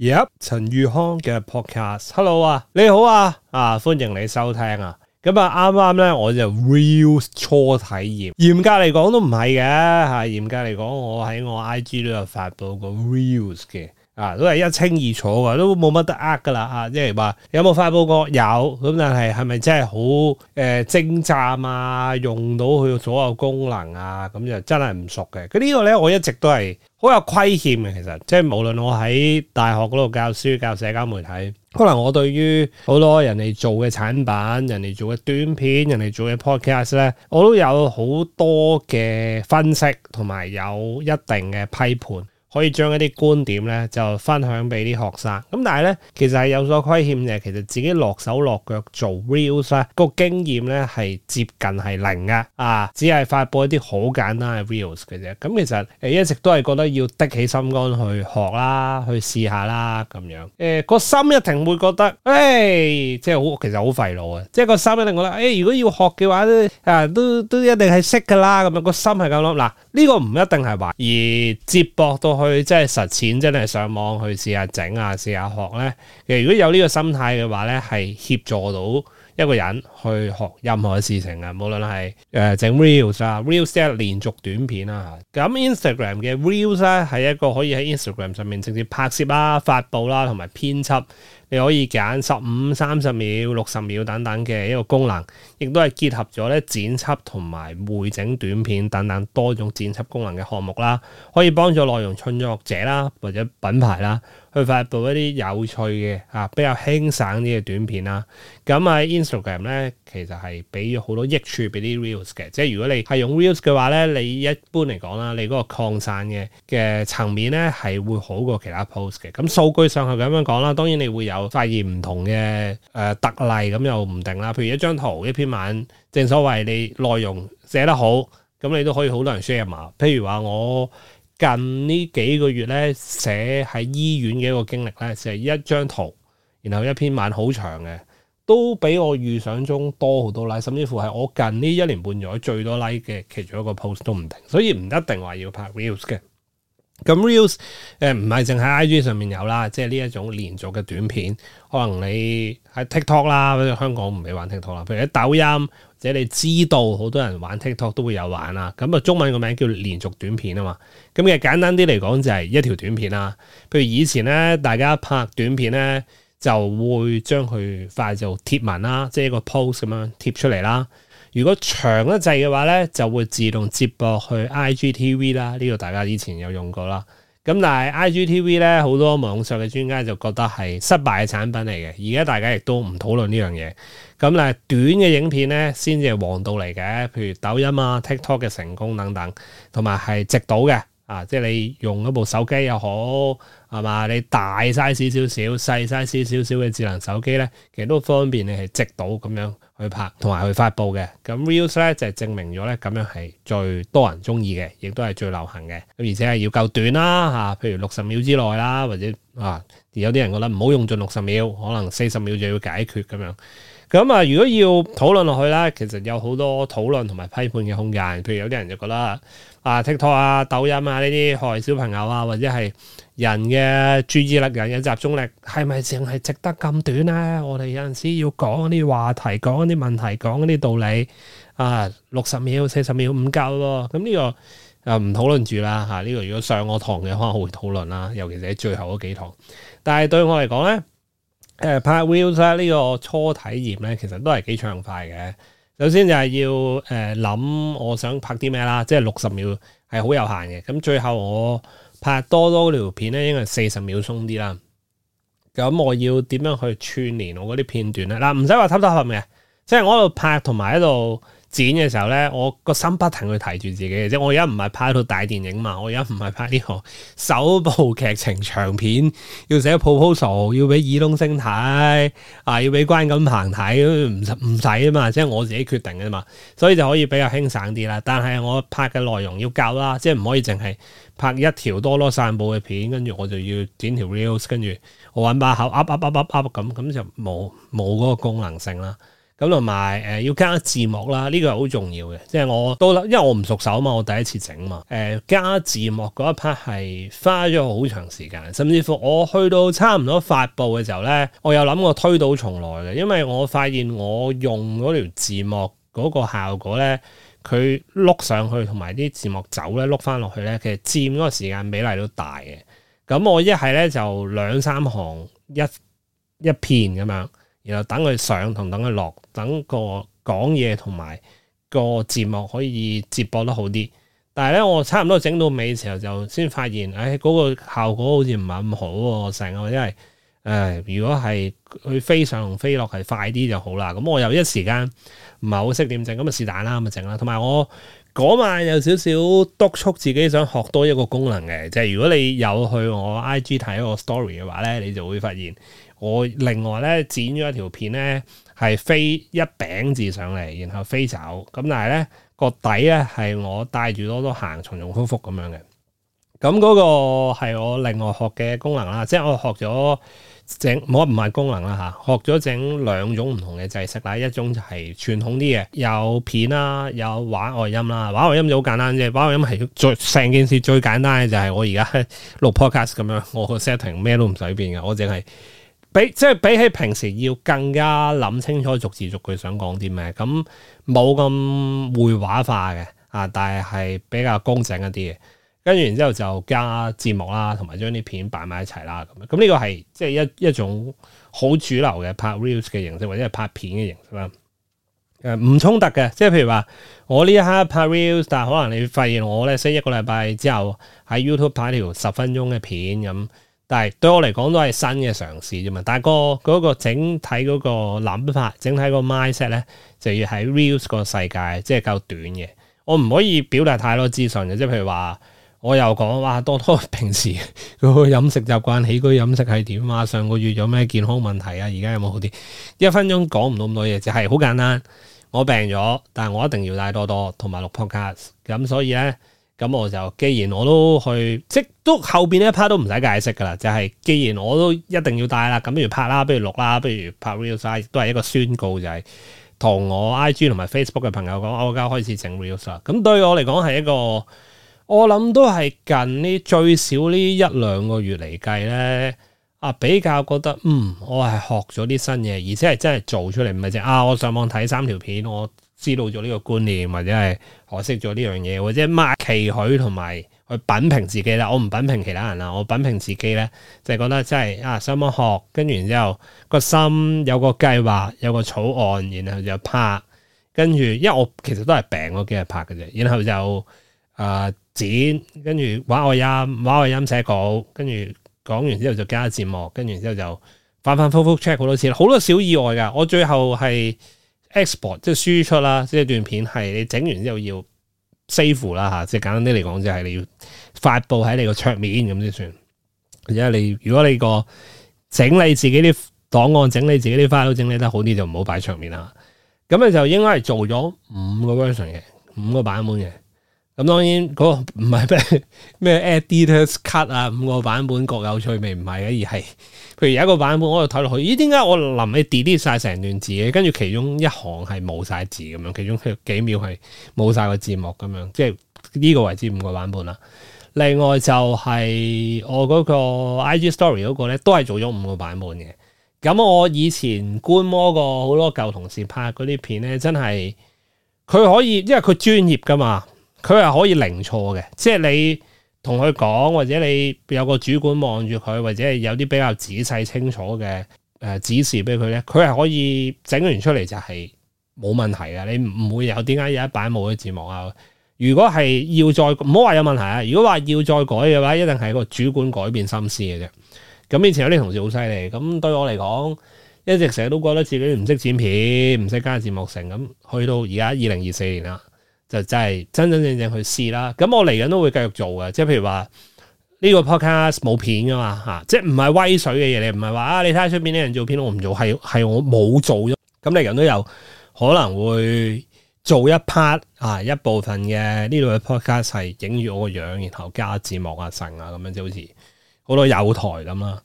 耶！陳宇康嘅 podcast，hello 啊，你好啊，啊歡迎你收聽啊，咁啊啱啱呢，我就 reels 初體驗，嚴格嚟講都唔係嘅吓，嚴格嚟講我喺我 IG 都有發布過 reels 嘅。啊，都係一清二楚噶，都冇乜得呃噶啦啊！即係話，有冇發布過？有。咁，但係係咪真係好誒精湛啊？用到佢所有功能啊，咁、啊、就真係唔熟嘅。佢、這個、呢個咧，我一直都係好有虧欠嘅。其實即係、就是、無論我喺大學嗰度教書教社交媒體，可能我對於好多人哋做嘅產品、人哋做嘅短片、人哋做嘅 Podcast 咧，我都有好多嘅分析同埋有一定嘅批判。可以將一啲觀點咧就分享俾啲學生，咁但係咧其實係有所虧欠嘅。其實自己落手落腳做 reels 咧個經驗咧係接近係零嘅啊，只係發布一啲好簡單嘅 reels 嘅啫。咁其實誒、呃、一直都係覺得要的起心肝去學啦，去試下啦咁樣誒個、呃、心一定會覺得誒即係好其實好費腦啊。即係個心一定覺得誒、哎、如果要學嘅話咧啊都都，都一定係識㗎啦咁樣，個心係咁諗嗱呢個唔一定係壞，而接駁到去。佢真係實踐，真係上網去試下整啊，試下學咧。其實如果有呢個心態嘅話咧，係協助到一個人。去學任何事情啊，無論係誒整 reels 啊 reels 即係連續短片啦咁 Instagram 嘅 reels 咧係一個可以喺 Instagram 上面直接拍攝啦、發布啦同埋編輯，你可以揀十五、三十秒、六十秒等等嘅一個功能，亦都係結合咗咧剪輯同埋匯整短片等等多種剪輯功能嘅項目啦，可以幫助內容創作者啦或者品牌啦去發布一啲有趣嘅啊比較輕省啲嘅短片啦。咁喺 Instagram 咧。其實係俾咗好多益處俾啲 reels 嘅，即係如果你係用 reels 嘅話咧，你一般嚟講啦，你嗰個擴散嘅嘅層面咧係會好過其他 post 嘅。咁數據上去咁樣講啦，當然你會有發現唔同嘅誒、呃、特例，咁又唔定啦。譬如一張圖、一篇文，正所謂你內容寫得好，咁你都可以好多人 share 嘛。譬如話我近呢幾個月咧寫喺醫院嘅一個經歷咧，寫一張圖，然後一篇文好長嘅。都比我預想中多好多 like，甚至乎係我近呢一年半載最多 like 嘅其中一個 post 都唔停，所以唔一定話要拍 reels 嘅。咁 reels 誒、呃、唔係淨喺 IG 上面有啦，即係呢一種連續嘅短片，可能你喺 TikTok 啦，或者香港唔俾玩 TikTok 啦，譬如喺抖音，或者你知道好多人玩 TikTok 都會有玩啦。咁啊中文個名叫連續短片啊嘛。咁其實簡單啲嚟講就係一條短片啦。譬如以前咧，大家拍短片咧。就會將佢快就貼文啦，即係個 post 咁樣貼出嚟啦。如果長一制嘅話咧，就會自動接駁去 IGTV 啦。呢個大家以前有用過啦。咁但係 IGTV 咧，好多網上嘅專家就覺得係失敗嘅產品嚟嘅。而家大家亦都唔討論呢樣嘢。咁但係短嘅影片咧，先至係王道嚟嘅，譬如抖音啊、TikTok 嘅成功等等，同埋係直到嘅。啊，即係你用一部手機又好，係嘛？你大晒少少少、細 size 少少少嘅智能手機咧，其實都方便你係即到咁樣去拍同埋去發布嘅。咁 Reels 咧就係、是、證明咗咧，咁樣係最多人中意嘅，亦都係最流行嘅。咁而且係要夠短啦嚇、啊，譬如六十秒之內啦，或者啊，有啲人覺得唔好用盡六十秒，可能四十秒就要解決咁樣。咁啊，如果要討論落去咧，其實有好多討論同埋批判嘅空間。譬如有啲人就覺得。啊，TikTok 啊，抖音啊，呢啲害小朋友啊，或者係人嘅注意力、人嘅集中力，係咪淨係值得咁短咧？我哋有陣時要講啲話題、講啲問題、講啲道理，啊，六十秒、四十秒唔夠咯。咁呢、嗯這個啊唔討論住啦，吓、啊、呢、這個如果上我堂嘅可能我會討論啦，尤其是喺最後嗰幾堂。但係對我嚟講咧，誒、啊，拍 Wills 咧呢個初體驗咧，其實都係幾暢快嘅。首先就係要誒諗，我、呃、想拍啲咩啦，即係六十秒係好有限嘅。咁最後我拍多多條片咧，應該係四十秒鬆啲啦。咁我要點樣去串連我嗰啲片段咧？嗱、呃，唔使話偷偷合嘅，即係我喺度拍，同埋喺度。剪嘅時候咧，我個心不停去提住自己嘅，即係我而家唔係拍一套大電影嘛，我而家唔係拍呢個首部劇情長片，要寫 proposal，要俾爾冬陞睇，啊要俾關錦鵬睇，唔唔使啊嘛，即係我自己決定嘅嘛，所以就可以比較輕省啲啦。但係我拍嘅內容要夠啦，即係唔可以淨係拍一條多咯散布嘅片，跟住我就要剪條 reels，跟住我揾把口噏噏噏噏噏噏咁，咁就冇冇嗰個功能性啦。咁同埋誒要加字幕啦，呢、這個係好重要嘅，即係我都因為我唔熟手啊嘛，我第一次整嘛，誒、呃、加字幕嗰一 part 係花咗好長時間，甚至乎我去到差唔多發布嘅時候咧，我有諗過推倒重來嘅，因為我發現我用嗰條字幕嗰個效果咧，佢碌上去同埋啲字幕走咧碌翻落去咧，其實佔嗰個時間比例都大嘅。咁我一係咧就兩三行一一片咁樣。然後等佢上同等佢落，等個講嘢同埋個節目可以接駁得好啲。但係咧，我差唔多整到尾嘅時候就先發現，唉、哎，嗰、那個效果好似唔係咁好喎。成因為誒，如果係佢飛上同飛落係快啲就好啦。咁、嗯、我又一時間唔係好識點整，咁啊是但啦，咁啊整啦。同埋我嗰晚有少少督促自己想學多一個功能嘅，就係、是、如果你有去我 IG 睇個 story 嘅話咧，你就會發現。我另外咧剪咗一條片咧，係飛一餅字上嚟，然後飛走。咁但係咧個底咧係我帶住多多行，從容不迫咁樣嘅。咁、嗯、嗰、那個係我另外學嘅功能啦，即係我學咗整，冇唔係功能啦吓、啊。學咗整兩種唔同嘅制式啦，一種就係傳統啲嘅，有片啦，有畫外音啦。畫外音就好簡單啫，畫外音係最成件事最簡單嘅就係我而家錄 podcast 咁樣，我個 setting 咩都唔使變嘅，我淨係。比即係比起平時要更加諗清楚逐字逐句想講啲咩，咁冇咁繪畫化嘅啊，但係係比較工整一啲嘅，跟住然之後就加字幕啦，同埋將啲片擺埋一齊啦，咁咁呢個係即係一一種好主流嘅拍 reels 嘅形式，或者係拍片嘅形式啦。誒唔衝突嘅，即係譬如話我呢一刻拍 reels，但係可能你發現我咧先一個禮拜之後喺 YouTube 拍條十分鐘嘅片咁。嗯但係對我嚟講都係新嘅嘗試啫嘛，但係個嗰個整體嗰個諗法，整體個 mindset 咧，就要喺 reels 個世界，即係夠短嘅。我唔可以表達太多資訊嘅，即係譬如話，我又講哇，多多平時嗰個飲食習慣、起居飲食係點啊？上個月有咩健康問題啊？而家有冇好啲？一分鐘講唔到咁多嘢，就係好簡單。我病咗，但係我一定要帶多多同埋錄 podcast，咁所以咧。咁我就既然我都去，即都後邊呢一 part 都唔使解釋噶啦，就係、是、既然我都一定要帶啦，咁不如拍啦，不如錄啦，不如拍 reels 都係一個宣告就係、是、同我 IG 同埋 Facebook 嘅朋友講，我而家開始整 reels 咁對我嚟講係一個，我諗都係近呢最少呢一兩個月嚟計咧。比較覺得嗯，我係學咗啲新嘢，而且係真係做出嚟唔係啫。啊，我上網睇三條片，我知道咗呢個觀念，或者係學識咗呢樣嘢，或者乜期許同埋去品評自己啦。我唔品評其他人啦，我品評自己咧，就係、是、覺得真係啊，上網學，跟完之後個心有個計劃，有個草案，然後就拍，跟住因為我其實都係病嗰幾日拍嘅啫，然後就啊、呃、剪，跟住畫外音，畫外音寫稿，跟住。講完之後就加字幕，跟住之後就反反复覆 check 好多次，好多小意外噶。我最後係 export 即係輸出啦，即係段片係你整完之後要 save 啦吓，即係簡單啲嚟講就係你要發布喺你個桌面咁先算。而家你如果你個整理自己啲檔案，整理自己啲 file 整，整理得好啲，就唔好擺桌面啦。咁你就應該係做咗五個 version 嘅，五個版本嘅。咁當然嗰個唔係咩咩 editors cut 啊，五個版本各有趣味，唔係嘅，而係譬如有一個版本我又睇落去，咦？點解我臨尾 delete 晒成段字嘅？跟住其中一行係冇晒字咁樣，其中佢幾秒係冇晒個字幕咁樣，即係呢個為止五個版本啦。另外就係我嗰個 IG Story 嗰個咧，都係做咗五個版本嘅。咁我以前觀摩過好多舊同事拍嗰啲片咧，真係佢可以，因為佢專業㗎嘛。佢係可以零錯嘅，即係你同佢講，或者你有個主管望住佢，或者有啲比較仔細清楚嘅誒指示俾佢咧，佢係可以整完出嚟就係冇問題嘅，你唔唔會有點解有一擺冇嘅字幕啊？如果係要再唔好話有問題啊，如果話要再改嘅話，一定係個主管改變心思嘅啫。咁以前有啲同事好犀利，咁對我嚟講，一直成日都覺得自己唔識剪片，唔識加字幕成咁，去到而家二零二四年啦。就真係真真正正，正去試啦，咁我嚟緊都會繼續做嘅，即係譬如話呢、這個 podcast 冇片噶嘛吓、啊，即係唔係威水嘅嘢，你唔係話啊，你睇下出邊啲人做片我唔做，係係我冇做咗，咁嚟緊都有可能會做一 part 啊一部分嘅呢度嘅 podcast 係影住我個樣，然後加字幕啊、成啊咁樣，即好似好多友台咁啦。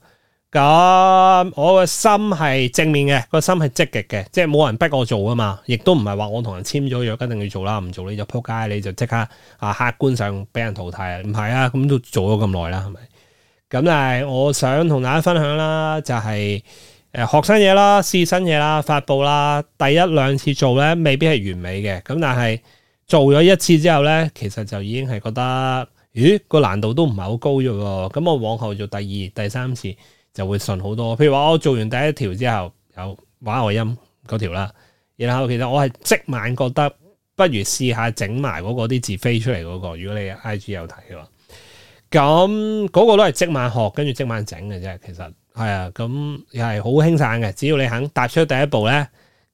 咁、啊、我個心係正面嘅，個心係積極嘅，即係冇人逼我做啊嘛，亦都唔係話我同人簽咗約一定要做啦，唔做你就仆街，你就即刻啊客觀上俾人淘汰啊，唔係啊，咁都做咗咁耐啦，係咪？咁但係我想同大家分享啦，就是，就係誒學生新嘢啦，試新嘢啦，發佈啦，第一兩次做咧未必係完美嘅，咁但係做咗一次之後咧，其實就已經係覺得咦個難度都唔係好高咋喎，咁我往後做第二、第三次。就會順好多，譬如話我做完第一條之後有畫外音嗰條啦，然後其實我係即晚覺得不如試下整埋嗰個啲字飛出嚟嗰個，如果你 I G 有睇嘅話，咁嗰個都係即晚學跟住即晚整嘅啫，其實係啊，咁又係好輕散嘅，只要你肯踏出第一步咧，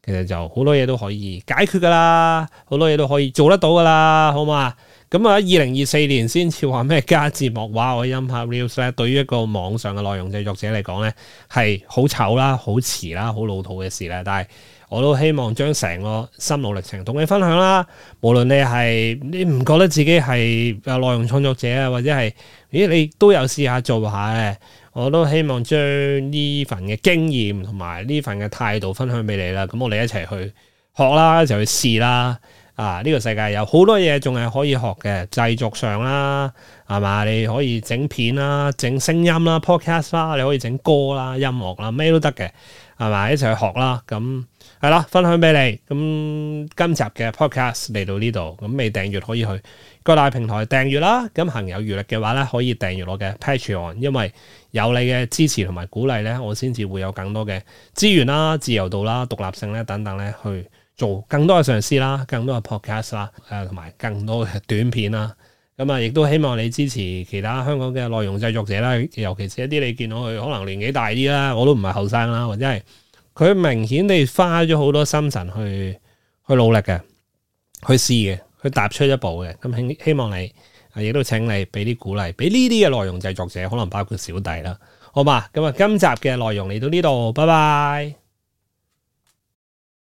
其實就好多嘢都可以解決噶啦，好多嘢都可以做得到噶啦，好嘛？咁啊！二零二四年先至話咩加字幕話、畫外音、拍 news 咧，對於一個網上嘅內容製作者嚟講咧，係好醜啦、好遲啦、好老土嘅事咧。但係我都希望將成個心路歷程同你分享啦。無論你係你唔覺得自己係內容創作者啊，或者係咦你都有試下做下嘅，我都希望將呢份嘅經驗同埋呢份嘅態度分享俾你啦。咁我哋一齊去學啦，一齊去試啦。啊！呢個世界有好多嘢仲係可以學嘅，製作上啦，係嘛？你可以整片啦、整聲音啦、podcast 啦，你可以整歌啦、音樂啦，咩都得嘅，係咪？一齊去學啦，咁係咯，分享俾你。咁今集嘅 podcast 嚟到呢度，咁未訂閲可以去各大平台訂閲啦。咁行有餘力嘅話咧，可以訂閲我嘅 Patreon，因為有你嘅支持同埋鼓勵咧，我先至會有更多嘅資源啦、自由度啦、獨立性咧等等咧去。做更多嘅上司啦，更多嘅 podcast 啦、啊，誒，同埋更多嘅短片啦，咁啊，亦都希望你支持其他香港嘅內容製作者啦，尤其是一啲你見到佢可能年紀大啲啦，我都唔係後生啦，或者係佢明顯哋花咗好多心神去去努力嘅，去試嘅，去踏出一步嘅，咁、啊、希望你，亦、啊、都請你俾啲鼓勵，俾呢啲嘅內容製作者，可能包括小弟啦，好嘛？咁啊，今集嘅內容嚟到呢度，拜拜。